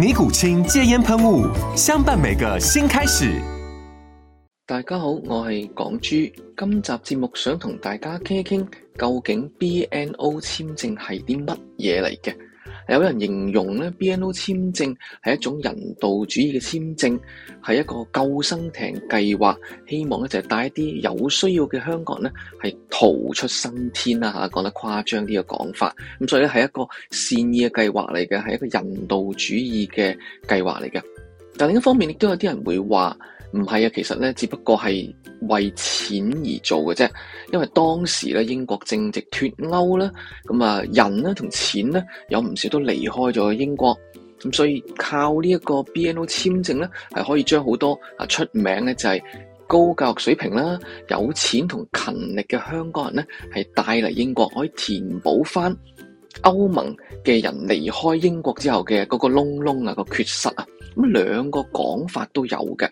尼古清戒煙噴霧，相伴每個新開始。大家好，我係港豬，今集節目想同大家傾一傾，究竟 BNO 簽證係啲乜嘢嚟嘅？有人形容咧 BNO 簽證係一種人道主義嘅簽證，係一個救生艇計劃，希望咧就係帶一啲有需要嘅香港人咧係逃出生天啦嚇，講得誇張啲嘅講法。咁所以咧係一個善意嘅計劃嚟嘅，係一個人道主義嘅計劃嚟嘅。但另一方面亦都有啲人會話。唔係啊，其實咧，只不過係為錢而做嘅啫。因為當時咧，英國正值脱歐啦，咁啊，人咧同錢咧有唔少都離開咗英國，咁所以靠呢一個 BNO 簽證咧，係可以將好多啊出名咧就係高教育水平啦、有錢同勤力嘅香港人咧，係帶嚟英國可以填補翻歐盟嘅人離開英國之後嘅嗰個窿窿啊個缺失啊。咁兩個講法都有嘅。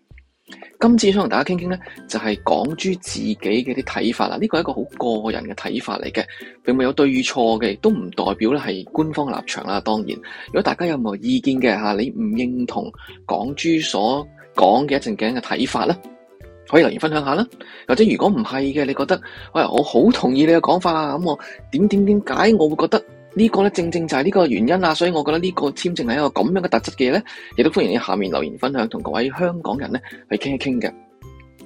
今次想同大家傾傾咧，就係、是、港豬自己嘅啲睇法啦。呢個係一個好個人嘅睇法嚟嘅，並冇有對與錯嘅，都唔代表咧係官方立場啦。當然，如果大家有冇意見嘅吓，你唔認同港豬所講嘅一陣嘅睇法咧，可以留言分享下啦。或者如果唔係嘅，你覺得，喂，我好同意你嘅講法啊，咁我點點點解我會覺得？呢個咧正正就係呢個原因啊，所以我覺得呢個簽證係一個咁樣嘅特質嘅嘢咧，亦都歡迎喺下面留言分享，同各位香港人咧去傾一傾嘅。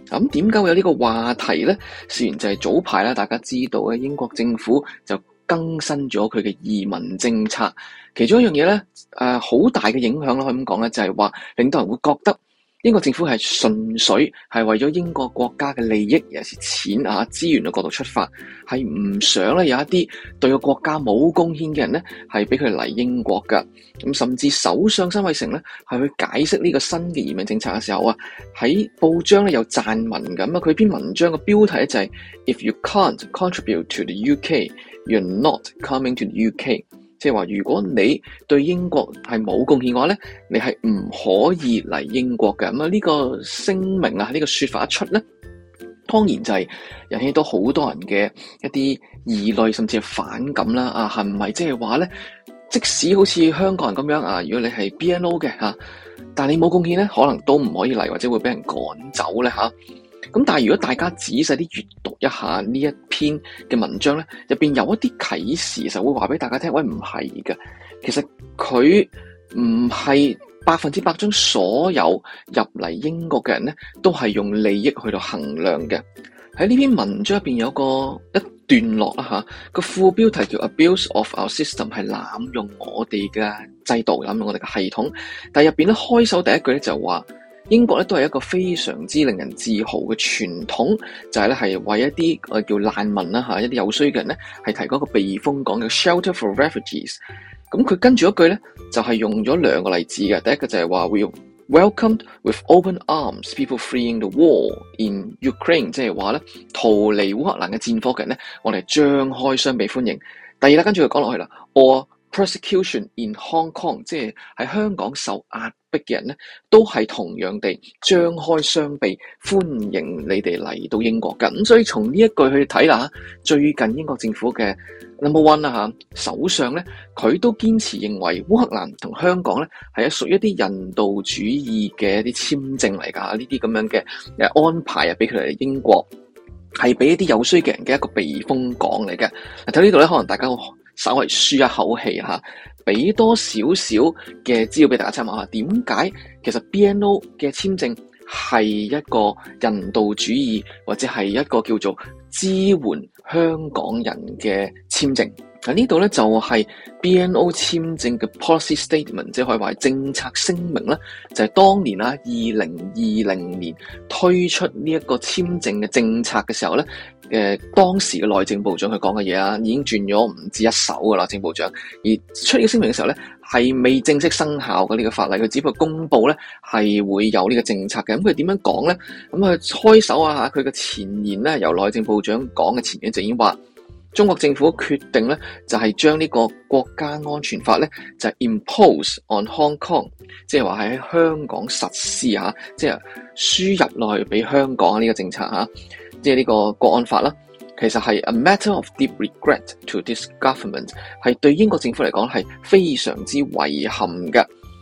咁點解會有呢個話題咧？事源就係早排啦，大家知道嘅英國政府就更新咗佢嘅移民政策，其中一樣嘢咧，誒好大嘅影響咯，可以咁講咧，就係話令到人會覺得。英國政府係純粹係為咗英國國家嘅利益，尤其是錢啊資源嘅角度出發，係唔想咧有一啲對個國家冇貢獻嘅人咧，係俾佢嚟英國噶。咁甚至首相辛偉誠咧，係去解釋呢個新嘅移民政策嘅時候啊，喺報章咧有讚文咁啊，佢篇文章嘅標題就係：If you can't contribute to the UK, you're not coming to the UK。即係話，如果你對英國係冇貢獻嘅話咧，你係唔可以嚟英國嘅。咁啊，呢個聲明啊，呢個說法一出咧，當然就係引起到好多人嘅一啲疑慮，甚至係反感啦。啊，係唔係即係話咧？即使好似香港人咁樣啊，如果你係 BNO 嘅吓，但係你冇貢獻咧，可能都唔可以嚟，或者會俾人趕走咧吓。咁但係如果大家仔細啲閱讀一下呢一篇嘅文章咧，入面有一啲啟示，就會話俾大家聽，喂，唔係嘅，其實佢唔係百分之百將所有入嚟英國嘅人咧，都係用利益去到衡量嘅。喺呢篇文章入面，有個一段落啦嚇，個副標題叫 Abuse of our system 係濫用我哋嘅制度，濫用我哋嘅系統。但係入邊咧，開首第一句咧就話。英國咧，都係一個非常之令人自豪嘅傳統，就係咧係為一啲誒、呃、叫難民啦嚇、啊，一啲有需要嘅人咧係提供一個避風港嘅 shelter for refugees。咁、嗯、佢跟住一句咧就係、是、用咗兩個例子嘅。第一個就係話 We welcomed with open arms people fleeing the war in Ukraine，即係話咧逃離烏克蘭嘅戰火嘅人咧，我哋張開雙臂歡迎。第二啦，跟住佢講落去啦 o Prosecution in Hong Kong，即係喺香港受壓迫嘅人咧，都係同樣地張開雙臂歡迎你哋嚟到英國嘅。咁所以從呢一句去睇啦，最近英國政府嘅 Number One 啦嚇首相咧，佢都堅持認為烏克蘭同香港咧係啊屬於一啲人道主義嘅一啲簽證嚟㗎，呢啲咁樣嘅誒安排啊，俾佢哋英國係俾一啲有需嘅人嘅一個避風港嚟嘅。睇呢度咧，可能大家。稍為舒一口氣嚇，俾多少少嘅資料俾大家參考嚇。點解其實 BNO 嘅簽證係一個人道主義，或者係一個叫做支援香港人嘅簽證？嗱、啊、呢度咧就係、是、BNO 簽證嘅 policy statement，即係可以話政策聲明咧，就係、是、當年啊二零二零年推出呢一個簽證嘅政策嘅時候咧，誒、呃、當時嘅內政部長佢講嘅嘢啊，已經轉咗唔止一手噶啦，政部長而出呢個聲明嘅時候咧，係未正式生效嘅呢、這個法例，佢只不過公布咧係會有呢個政策嘅。咁佢點樣講咧？咁佢、嗯、開首啊嚇，佢嘅前言咧由內政部長講嘅前言就已經話。中國政府決定咧，就係將呢個國家安全法咧，就係 impose on Hong Kong，即係話喺香港實施嚇、啊、即係輸入內俾香港呢個政策嚇、啊，即係呢個國安法啦。其實係 a matter of deep regret to this government，係對英國政府嚟講係非常之遺憾嘅。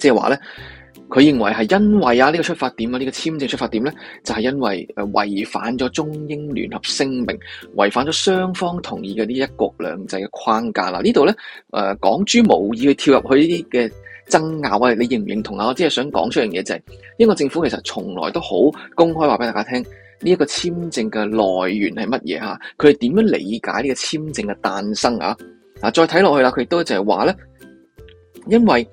即係話咧，佢認為係因為啊呢個出發點啊呢個簽證出發點咧，就係因為誒違反咗中英聯合聲明，違反咗雙方同意嘅呢一國兩制嘅框架啦。呢度咧誒港豬無意去跳入去呢啲嘅爭拗啊，你認唔認同啊？我只係想講出樣嘢就係，英國政府其實從來都好公開話俾大家聽呢一個簽證嘅來源係乜嘢吓，佢係點樣理解呢個簽證嘅誕生啊？嗱，再睇落去啦，佢亦都就係話咧，因為。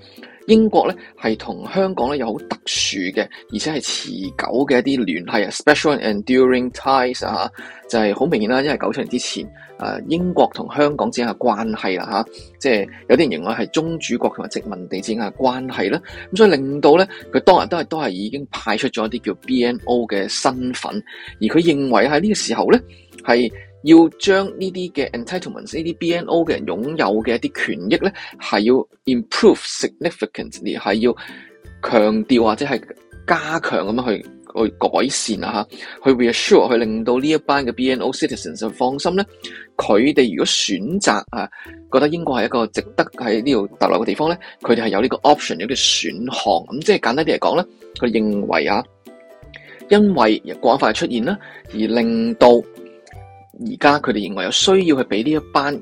英國咧係同香港咧有好特殊嘅，而且係持久嘅一啲聯繫 Special and enduring ties, 啊，special enduring ties 就係、是、好明顯啦。因為九七年之前，啊、英國同香港之間嘅關係啦，即、啊、係、就是、有啲人形容係宗主國同埋殖民地之間嘅關係啦。咁所以令到咧，佢當日都係都係已經派出咗一啲叫 B N O 嘅身份，而佢認為喺呢個時候咧係。要將呢啲嘅 entitlements，呢啲 BNO 嘅人擁有嘅一啲權益咧，係要 improve significantly，係要強調或者係加強咁樣去去改善啊，嚇，去 reassure 去令到呢一班嘅 BNO citizens 放心咧。佢哋如果選擇啊，覺得英國係一個值得喺呢度逗留嘅地方咧，佢哋係有呢個 option，有啲選項。咁即係簡單啲嚟講咧，佢認為啊，因為國安法出現啦，而令到。而家佢哋認為有需要去俾呢一班，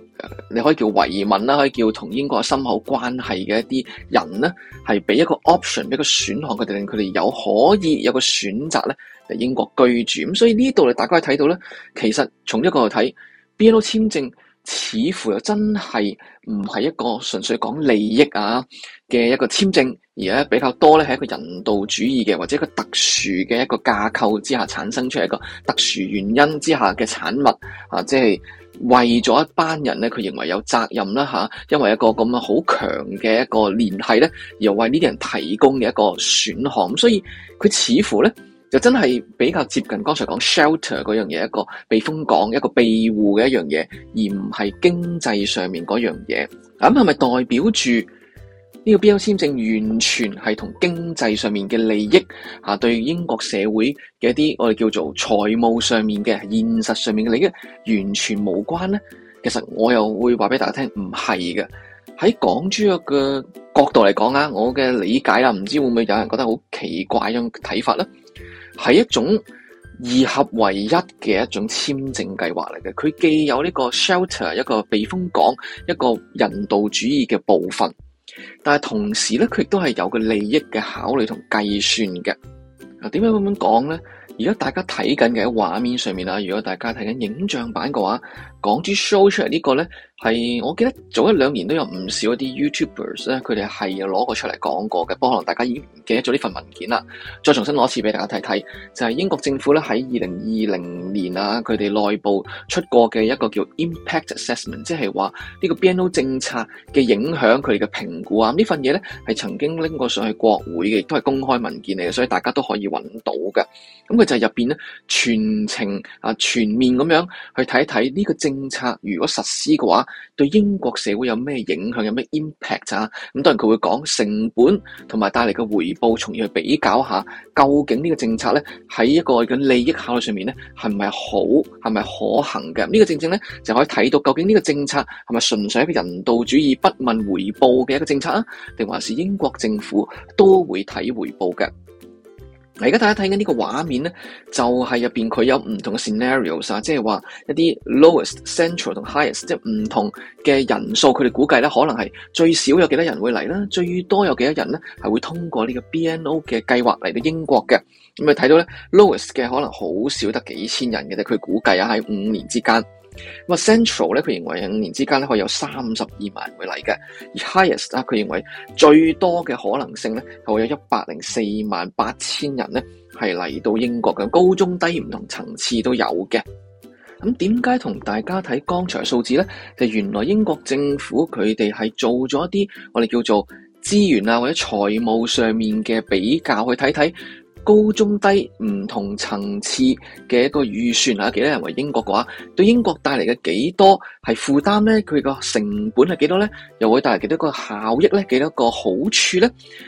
你可以叫維民啦，可以叫同英國深厚關係嘅一啲人咧，係俾一個 option，俾一個選項，佢哋令佢哋有可以有個選擇咧嚟英國居住。咁所以呢度你大家可以睇到咧，其實從一個角度睇 BNO 簽證。似乎又真係唔係一個純粹講利益啊嘅一個簽證，而家比較多咧，係一個人道主義嘅或者一個特殊嘅一個架構之下產生出嚟一個特殊原因之下嘅產物啊！即係為咗一班人咧，佢認為有責任啦吓、啊，因為一個咁樣好強嘅一個聯繫咧，又為呢啲人提供嘅一個選項，所以佢似乎咧。就真係比較接近，剛才講 shelter 嗰樣嘢，一個避風港，一個庇護嘅一樣嘢，而唔係經濟上面嗰樣嘢。咁係咪代表住呢個 BNO 簽證完全係同經濟上面嘅利益啊，對英國社會嘅一啲我哋叫做財務上面嘅現實上面嘅利益完全無關呢？其實我又會話俾大家聽，唔係嘅。喺港豬嘅角度嚟講啊，我嘅理解啊，唔知會唔會有人覺得好奇怪一種睇法呢？係一種二合為一嘅一種簽證計劃嚟嘅，佢既有呢個 shelter 一個避風港，一個人道主義嘅部分，但係同時咧，佢亦都係有個利益嘅考慮同計算嘅。啊，點樣咁樣講咧？而家大家睇緊嘅喺畫面上面啊，如果大家睇緊影像版嘅話。講啲 show 出嚟呢個呢，係我記得早一兩年都有唔少啲 YouTubers 咧，佢哋係攞個出嚟講過嘅。不過可能大家已經唔記得咗呢份文件啦，再重新攞一次俾大家睇睇，就係、是、英國政府咧喺二零二零年啊，佢哋內部出過嘅一個叫 Impact Assessment，即係話呢個 BNO 政策嘅影響佢哋嘅評估啊，呢份嘢呢，係曾經拎過上去國會嘅，都係公開文件嚟嘅，所以大家都可以揾到嘅。咁佢就係入面呢，全程啊全面咁樣去睇一睇呢個政。政策如果實施嘅話，對英國社會有咩影響？有咩 impact 啊？咁當然佢會講成本同埋帶嚟嘅回報，從而去比較下究竟呢個政策咧喺一個嘅利益考慮上面咧係唔係好係咪可行嘅？呢個正正咧就可以睇到究竟呢個政策係咪純粹一個人道主義不問回報嘅一個政策啊？定還是英國政府都會睇回報嘅？而家大家睇緊呢個畫面咧，就係入面佢有唔同嘅 scenarios 啊，即係話一啲 lowest、central 同 highest，即係唔同嘅人數，佢哋估計咧可能係最少有幾多人會嚟啦，最多有幾多人咧係會通過呢個 BNO 嘅計劃嚟到英國嘅。咁咪睇到咧 lowest 嘅可能好少得幾千人嘅啫，佢估計啊喺五年之間。咁啊，Central 咧，佢認為五年之間咧可以有三十二萬人會嚟嘅；而 Highest 啊，佢認為最多嘅可能性咧係會有一百零四萬八千人咧係嚟到英國嘅，高中低唔同層次都有嘅。咁點解同大家睇剛才數字咧？就是原來英國政府佢哋係做咗一啲我哋叫做資源啊或者財務上面嘅比較去睇睇。高中低唔同層次嘅一個預算啊，幾多人嚟英國嘅話，對英國帶嚟嘅幾多係負擔咧？佢個成本係幾多咧？又會帶嚟幾多個效益咧？幾多個好處咧？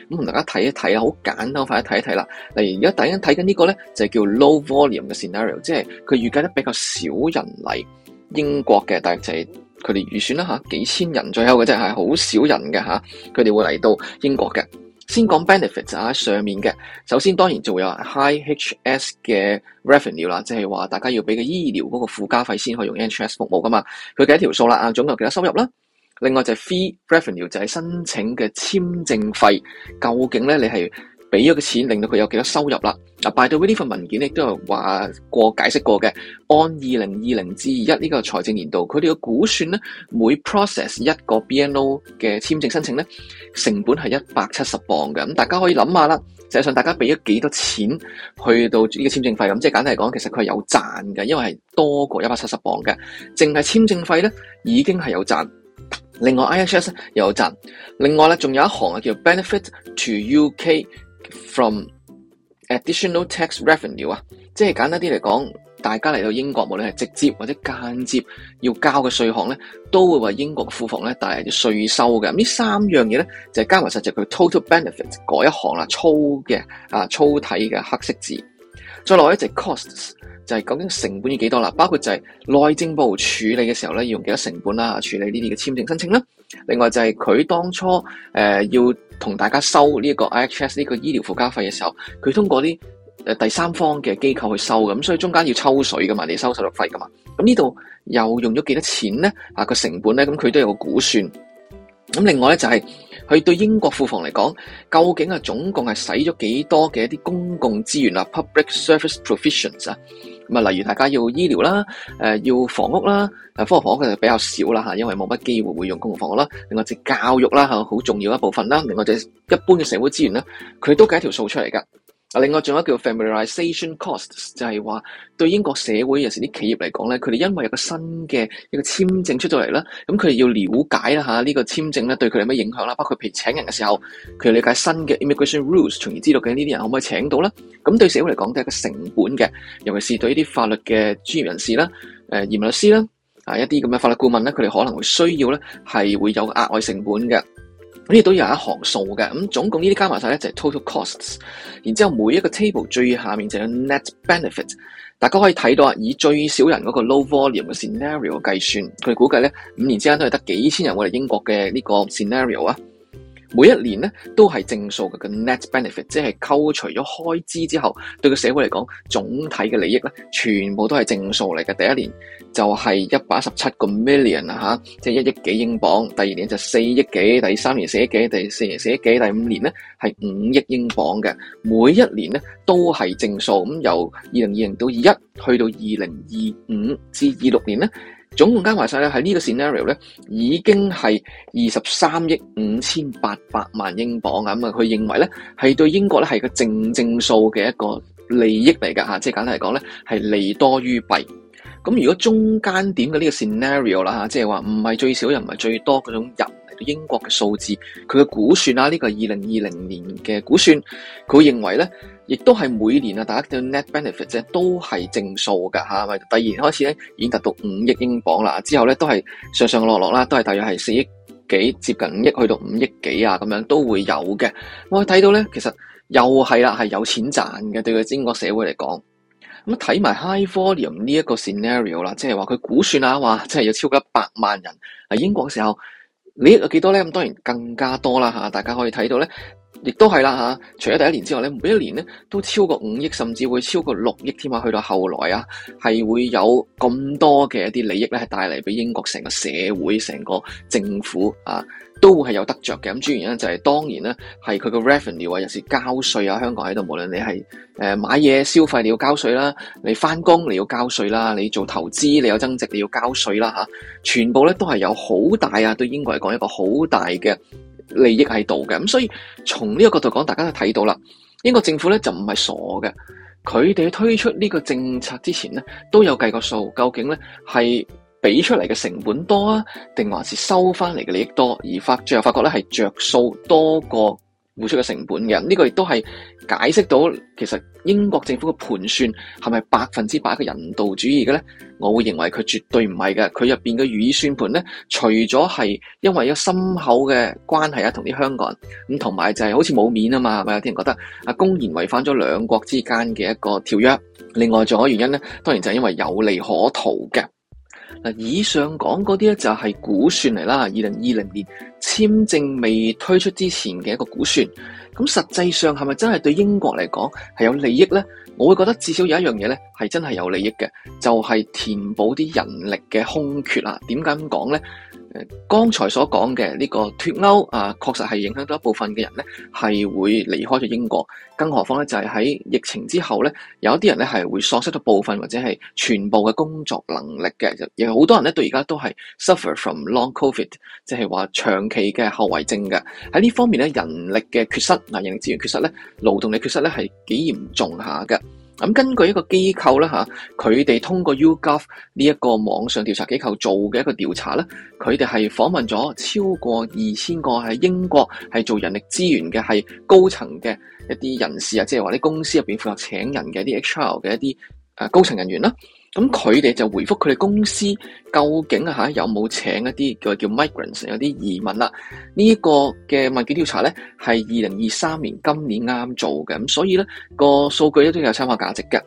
咁同大家睇一睇啊，好簡單，快睇一睇啦。例如而家大家睇緊呢個咧，就係叫做 low volume 嘅 scenario，即係佢預計得比較少人嚟英國嘅，但係就係佢哋預算啦嚇，幾千人左右嘅啫，係好少人嘅嚇，佢哋會嚟到英國嘅。先講 benefits 啊，上面嘅首先當然就有 high HS 嘅 revenue 啦，即係話大家要俾個醫療嗰個附加費先可以用 HS 服務㗎嘛，佢幾多條數啦？啊，總共有幾多收入啦？另外就係 fee revenue 就係申請嘅簽證費，究竟呢你係？俾咗個錢，令到佢有幾多收入啦？啊，by the way，呢份文件亦都係話過解釋過嘅。On 二零二零至二一呢個財政年度，佢哋嘅估算咧，每 process 一個 BNO 嘅簽證申請咧，成本係一百七十磅嘅。咁大家可以諗下啦。實際上，大家俾咗幾多錢去到呢個簽證費咁，即係簡單嚟講，其實佢係有賺嘅，因為係多過一百七十磅嘅。淨係簽證費咧已經係有賺，另外 IHS 又有賺，另外咧仲有一行啊叫 benefit to UK。From additional tax revenue 啊，即係簡單啲嚟講，大家嚟到英國無論係直接或者間接要交嘅稅項咧，都會為英國嘅庫房咧帶嚟啲稅收嘅。咁呢三樣嘢咧就係、是、加埋實際佢 total benefit 嗰一行啦，粗嘅啊粗體嘅黑色字。再落一隻 costs 就係究竟成本要幾多啦？包括就係內政部處理嘅時候咧要用幾多成本啦、啊？處理呢啲嘅簽證申請啦、啊另外就係佢當初誒、呃、要同大家收呢一個 IHS 呢個醫療附加費嘅時候，佢通過啲誒第三方嘅機構去收嘅，咁所以中間要抽水嘅嘛，你收手續費嘅嘛，咁呢度又用咗幾多錢咧？啊個成本咧，咁佢都有個估算。咁另外咧就係、是、佢對英國庫房嚟講，究竟啊總共係使咗幾多嘅一啲公共資源啊 public service provisions 啊。咁啊，例如大家要醫療啦、呃，要房屋啦，誒公共房屋其實比較少啦嚇，因為冇乜機會會用公共房屋啦。另外就教育啦嚇，好重要一部分啦。另外就一般嘅社會資源呢，佢都計一條數出嚟噶。另外仲有一個叫 familiarization costs，就係話對英國社會有時啲企業嚟講咧，佢哋因為有個新嘅一個簽證出咗嚟啦，咁佢哋要了解啦吓呢個簽證咧對佢哋有咩影響啦，包括譬如請人嘅時候，佢要理解新嘅 immigration rules，從而知道嘅呢啲人可唔可以請到啦。咁對社會嚟講，都係一個成本嘅，尤其是對呢啲法律嘅專業人士啦，誒移民律師啦，啊，一啲咁嘅法律顧問咧，佢哋可能會需要咧係會有額外成本嘅。呢啲都有一行數嘅，咁總共呢啲加埋晒咧就係 total costs。然之後每一個 table 最下面就有 net benefit。大家可以睇到啊，以最少人嗰個 low volume 嘅 scenario 計算，佢哋估計咧五年之間都係得幾千人會嚟英國嘅呢個 scenario 啊。每一年咧都係正數嘅 net benefit，即係扣除咗開支之後，對個社會嚟講，總體嘅利益咧，全部都係正數嚟嘅。第一年就係一百一十七個 million 啊吓，即係一億幾英鎊；第二年就四億幾；第三年四億幾；第四年四億幾；第五年咧係五億英鎊嘅。每一年咧都係正數，咁由二零二零到二一去到二零二五至二六年咧。總共加埋晒咧，喺呢個 scenario 咧已經係二十三億五千八百萬英鎊。咁啊，佢認為咧係對英國咧係個正正數嘅一個利益嚟㗎，即係簡單嚟講咧係利多於弊。咁如果中間點嘅呢個 scenario 啦，即係話唔係最少又唔係最多嗰種人嚟到英國嘅數字，佢嘅估算啦，呢個係二零二零年嘅估算，佢認為咧。亦都係每年啊，大家嘅 net benefit 咧都係正數噶吓，第二年開始咧已經達到五億英鎊啦，之後咧都係上上落落啦，都係大約係四億幾，接近五億去到五億幾啊，咁樣都會有嘅。我睇到咧，其實又係啦，係有錢賺嘅對佢英國社會嚟講。咁睇埋 high volume 呢一個 scenario 啦，即係話佢估算下話，即係有超過一百萬人喺英國時候，你有係幾多咧？咁當然更加多啦吓、啊，大家可以睇到咧。亦都係啦嚇，除咗第一年之外咧，每一年咧都超過五億，甚至會超過六億添啊！去到後來啊，係會有咁多嘅一啲利益咧，係帶嚟俾英國成個社會、成個政府啊，都會係有得着嘅。咁主要原因就係當然咧，係佢個 revenue 啊，又是交稅啊，香港喺度，無論你係誒買嘢消費你要交稅啦，你翻工你要交稅啦，你做投資你有增值你要交稅啦嚇，全部咧都係有好大啊，對英國嚟講一個好大嘅。利益係度嘅，咁所以從呢個角度講，大家都睇到啦。英國政府咧就唔係傻嘅，佢哋推出呢個政策之前咧都有計過數，究竟咧係俾出嚟嘅成本多啊，定還是收翻嚟嘅利益多？而發最後發覺咧係着數多過付出嘅成本嘅呢、這個亦都係解釋到，其實英國政府嘅盤算係咪百分之百嘅人道主義嘅咧？我會認為佢絕對唔係嘅，佢入邊嘅如意算盤咧，除咗係因為有深厚嘅關係啊，同啲香港人咁，同埋就係好似冇面啊嘛，係咪有啲人覺得啊，公然違反咗兩國之間嘅一個條約。另外仲有原因咧，當然就係因為有利可圖嘅。嗱，以上講嗰啲咧就係估算嚟啦，二零二零年簽證未推出之前嘅一個估算。咁實際上係咪真係對英國嚟講係有利益呢？我會覺得至少有一樣嘢咧係真係有利益嘅，就係、是、填補啲人力嘅空缺啊！點解咁講呢？剛才所講嘅呢個脫歐啊，確實係影響到一部分嘅人咧，係會離開咗英國。更何況呢？就係、是、喺疫情之後呢，有啲人咧係會喪失咗部分或者係全部嘅工作能力嘅。亦有好多人呢，到而家都係 suffer from long covid，即係話長期嘅後遺症嘅。喺呢方面呢，人力嘅缺失，嗱、呃、人力資源缺失咧，勞動力缺失咧，係幾嚴重下嘅。咁根據一個機構咧、吓，佢哋通過 UGov 呢一個網上調查機構做嘅一個調查咧，佢哋係訪問咗超過二千個喺英國係做人力資源嘅係高層嘅一啲人士啊，即係話啲公司入邊負責請人嘅一啲 HR 嘅一啲誒高層人員啦。咁佢哋就回覆佢哋公司究竟啊吓有冇請一啲叫叫 migrants 有啲移民啦？呢、這、一個嘅問卷調查咧，係二零二三年今年啱做嘅，咁所以咧個數據一都有參考價值嘅。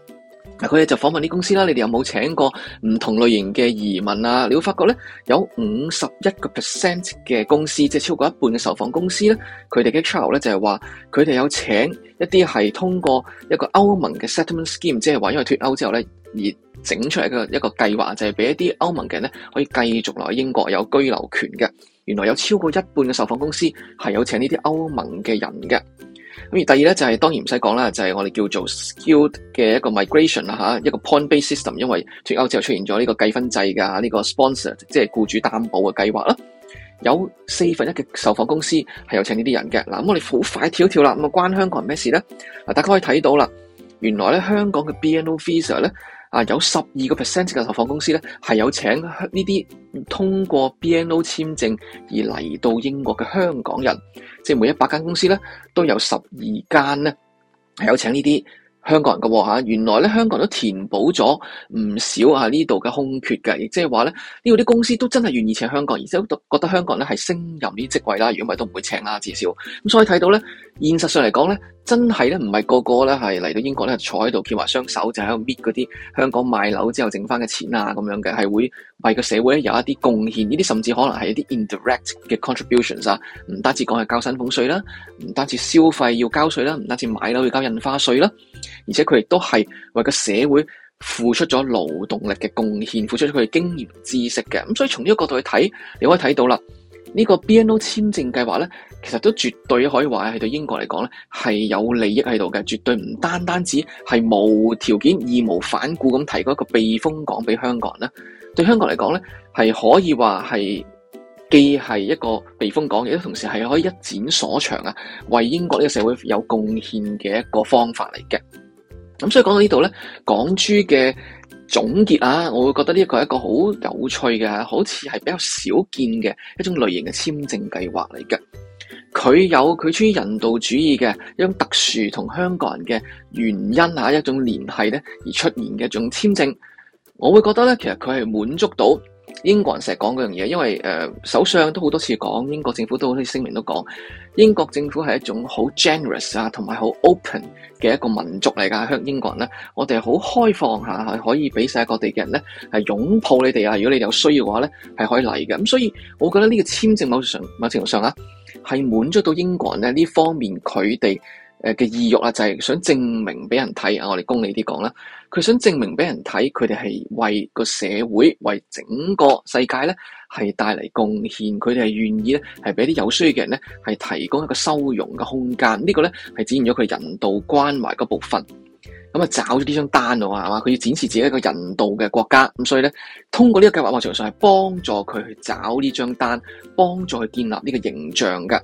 嗱，佢哋就訪問啲公司啦，你哋有冇請過唔同類型嘅移民啊？你會發覺咧有五十一個 percent 嘅公司，即係超過一半嘅受訪公司咧，佢哋嘅 trial 咧就係話佢哋有請一啲係通過一個歐盟嘅 settlement scheme，即係話因為脱歐之後咧。而整出嚟嘅一個計劃就係俾一啲歐盟嘅人咧可以繼續留喺英國有居留權嘅。原來有超過一半嘅受訪公司係有請呢啲歐盟嘅人嘅。咁而第二咧就係當然唔使講啦，就係我哋叫做 skilled 嘅一個 migration 啦，一個 point-based system，因為脱歐之後出現咗呢個計分制㗎嚇，呢個 sponsor 即係僱主擔保嘅計劃啦。有四分一嘅受訪公司係有請呢啲人嘅。嗱，咁我哋好快跳一跳啦，咁啊關香港人咩事咧？嗱，大家可以睇到啦，原來咧香港嘅 BNO visa 咧。啊，有十二個 percent 嘅投放公司咧，係有請呢啲通過 BNO 簽證而嚟到英國嘅香港人，即係每一百間公司咧都有十二間咧係有請呢啲香港人嘅嚇。原來咧香港都填補咗唔少啊呢度嘅空缺嘅，亦即係話咧呢度啲公司都真係願意請香港，而且都覺得香港咧係升任啲職位啦。如果唔係都唔會請啦，至少咁，所以睇到咧，現實上嚟講咧。真係咧，唔係個個咧係嚟到英國咧坐喺度翹埋雙手，就喺度搣嗰啲香港賣樓之後剩翻嘅錢啊咁樣嘅，係會為個社會有一啲貢獻。呢啲甚至可能係一啲 indirect 嘅 contributions 啊，唔單止講係交薪俸稅啦，唔單止消費要交稅啦，唔單止買樓要交印花稅啦，而且佢亦都係為個社會付出咗勞動力嘅貢獻，付出咗佢嘅經驗知識嘅。咁所以從呢個角度去睇，你可以睇到啦。呢個 BNO 簽證計劃咧，其實都絕對可以話係對英國嚟講咧係有利益喺度嘅，絕對唔單單止係無條件義無反顧咁提供一個避風港俾香港人啦。對香港嚟講咧，係可以話係既係一個避風港，亦都同時係可以一展所長啊，為英國呢個社會有貢獻嘅一個方法嚟嘅。咁所以講到呢度咧，港豬嘅。總結啊，我會覺得呢一個係一個好有趣嘅，好似係比較少見嘅一種類型嘅簽證計劃嚟嘅。佢有佢出於人道主義嘅一種特殊同香港人嘅原因啊，一種聯繫咧，而出現嘅一種簽證，我會覺得咧其實佢係滿足到。英國人成日講嗰樣嘢，因為誒首相都好多次講，英國政府都好多聲明都講，英國政府係一種好 generous 啊，同埋好 open 嘅一個民族嚟㗎。香英國人咧，我哋好開放下，係可以俾世界各地嘅人咧係擁抱你哋啊！如果你哋有需要嘅話咧，係可以嚟嘅。咁所以，我覺得呢個簽證某程度上，某程度上啊，係滿足到英國人咧呢方面佢哋。他們誒嘅意欲啦，就係、是、想證明俾人睇，啊我哋公理啲講啦，佢想證明俾人睇，佢哋係為個社會、為整個世界咧係帶嚟貢獻，佢哋係願意咧係俾啲有需要嘅人咧係提供一個收容嘅空間，這個、呢個咧係展現咗佢人道關懷嗰部分。咁啊，找咗呢張單囉，係嘛，佢要展示自己一個人道嘅國家。咁所以咧，通過呢個計劃或場上係幫助佢去找呢張單，幫助佢建立呢個形象㗎。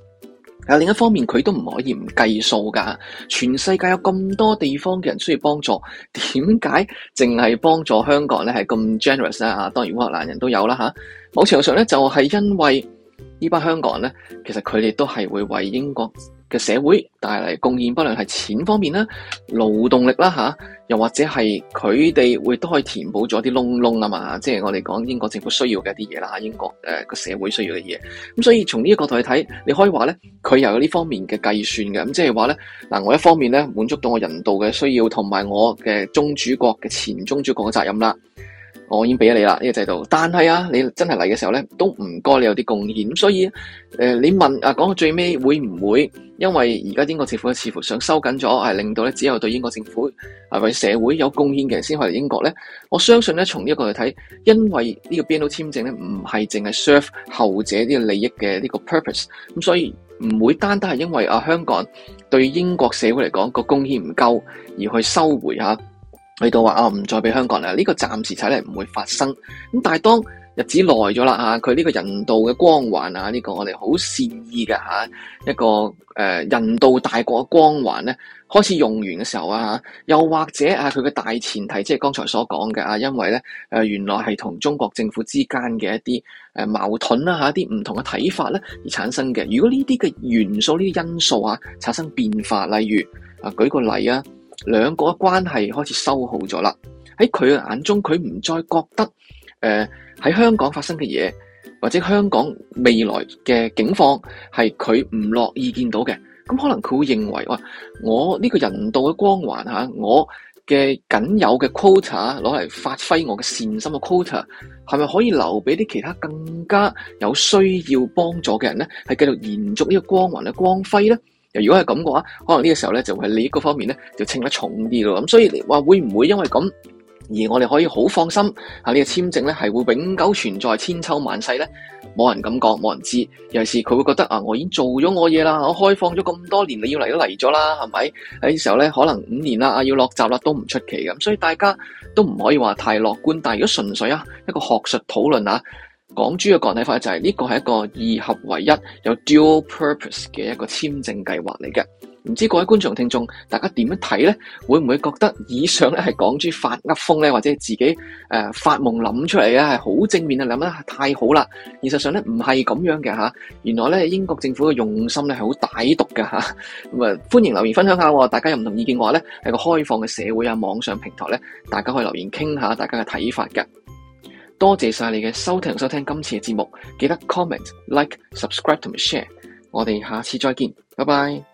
另一方面，佢都唔可以唔計數噶。全世界有咁多地方嘅人需要幫助，點解淨係幫助香港咧？係咁 generous 咧啊！當然，烏克蘭人都有啦吓。某程度上咧，就係因為呢班香港人咧，其實佢哋都係會為英國嘅社會帶嚟貢獻，不論係錢方面啦、勞動力啦嚇，又或者係佢哋會都可以填補咗啲窿窿啊嘛，即係我哋講英國政府需要嘅一啲嘢啦，英國誒個、呃、社會需要嘅嘢。咁所以從呢個角度去睇，你可以話咧，佢有呢方面嘅計算嘅，咁即係話咧，嗱，我一方面咧滿足到我人道嘅需要，同埋我嘅宗主國嘅前宗主國嘅責任啦。我已經俾咗你啦，呢、這個制度。但係啊，你真係嚟嘅時候咧，都唔該你有啲貢獻。咁所以誒、呃，你問啊，講到最尾會唔會因為而家英國政府似乎想收緊咗，係令到咧只有對英國政府啊或者社會有貢獻嘅人先可以嚟英國咧？我相信咧，從呢一個嚟睇，因為呢個 B N O 簽證咧，唔係淨係 serve 後者呢個利益嘅呢個 purpose。咁所以唔會單單係因為啊香港對英國社會嚟講、這個貢獻唔夠而去收回嚇、啊。.嚟到話啊，唔再俾香港啦，呢個暫時睇嚟唔會發生。咁但係當日子耐咗啦，佢呢個人道嘅光環啊，呢個我哋好善意嘅嚇一個誒人道大國嘅光環咧，開始用完嘅時候啊，又或者啊，佢嘅大前提即係剛才所講嘅啊，因為咧原來係同中國政府之間嘅一啲誒矛盾啦，嚇一啲唔同嘅睇法咧而產生嘅。如果呢啲嘅元素、呢啲因素啊產生變化，例如啊，舉個例啊。兩國嘅關係開始修好咗啦。喺佢嘅眼中，佢唔再覺得誒喺、呃、香港發生嘅嘢，或者香港未來嘅境況係佢唔樂意見到嘅。咁可能佢會認為哇、哎，我呢個人道嘅光環嚇，我嘅僅有嘅 quota 攞嚟發揮我嘅善心嘅 quota，係咪可以留俾啲其他更加有需要幫助嘅人咧？係繼續延續呢個光環嘅光輝咧？如果係咁嘅話，可能呢個時候咧，就係利益嗰方面咧，就稱得重啲咯。咁所以你話會唔會因為咁而我哋可以好放心啊？呢個簽證咧係會永久存在千秋萬世咧？冇人咁講，冇人知。尤其係佢會覺得啊，我已經做咗我嘢啦，我開放咗咁多年，你要嚟都嚟咗啦，係咪？呢個時候咧，可能五年啦，啊，要落閘啦，都唔出奇咁。所以大家都唔可以話太樂觀。但係如果純粹啊一個學術討論啊。港豬嘅個人睇法就係呢個係一個二合為一有 dual purpose 嘅一個簽證計劃嚟嘅，唔知各位觀眾聽眾，大家點樣睇呢？會唔會覺得以上呢係港豬發噏風呢？或者係自己誒、呃、發夢諗出嚟嘅係好正面啊諗得太好啦？事實上呢，唔係咁樣嘅嚇，原來呢，英國政府嘅用心呢係好歹毒嘅嚇，咁啊歡迎留言分享一下喎，大家有唔同意見嘅話呢？係個開放嘅社會啊，網上平台呢，大家可以留言傾下大家嘅睇法嘅。多謝晒你嘅收聽，收聽今次嘅節目，記得 comment、like、subscribe 同埋 share。我哋下次再見，拜拜。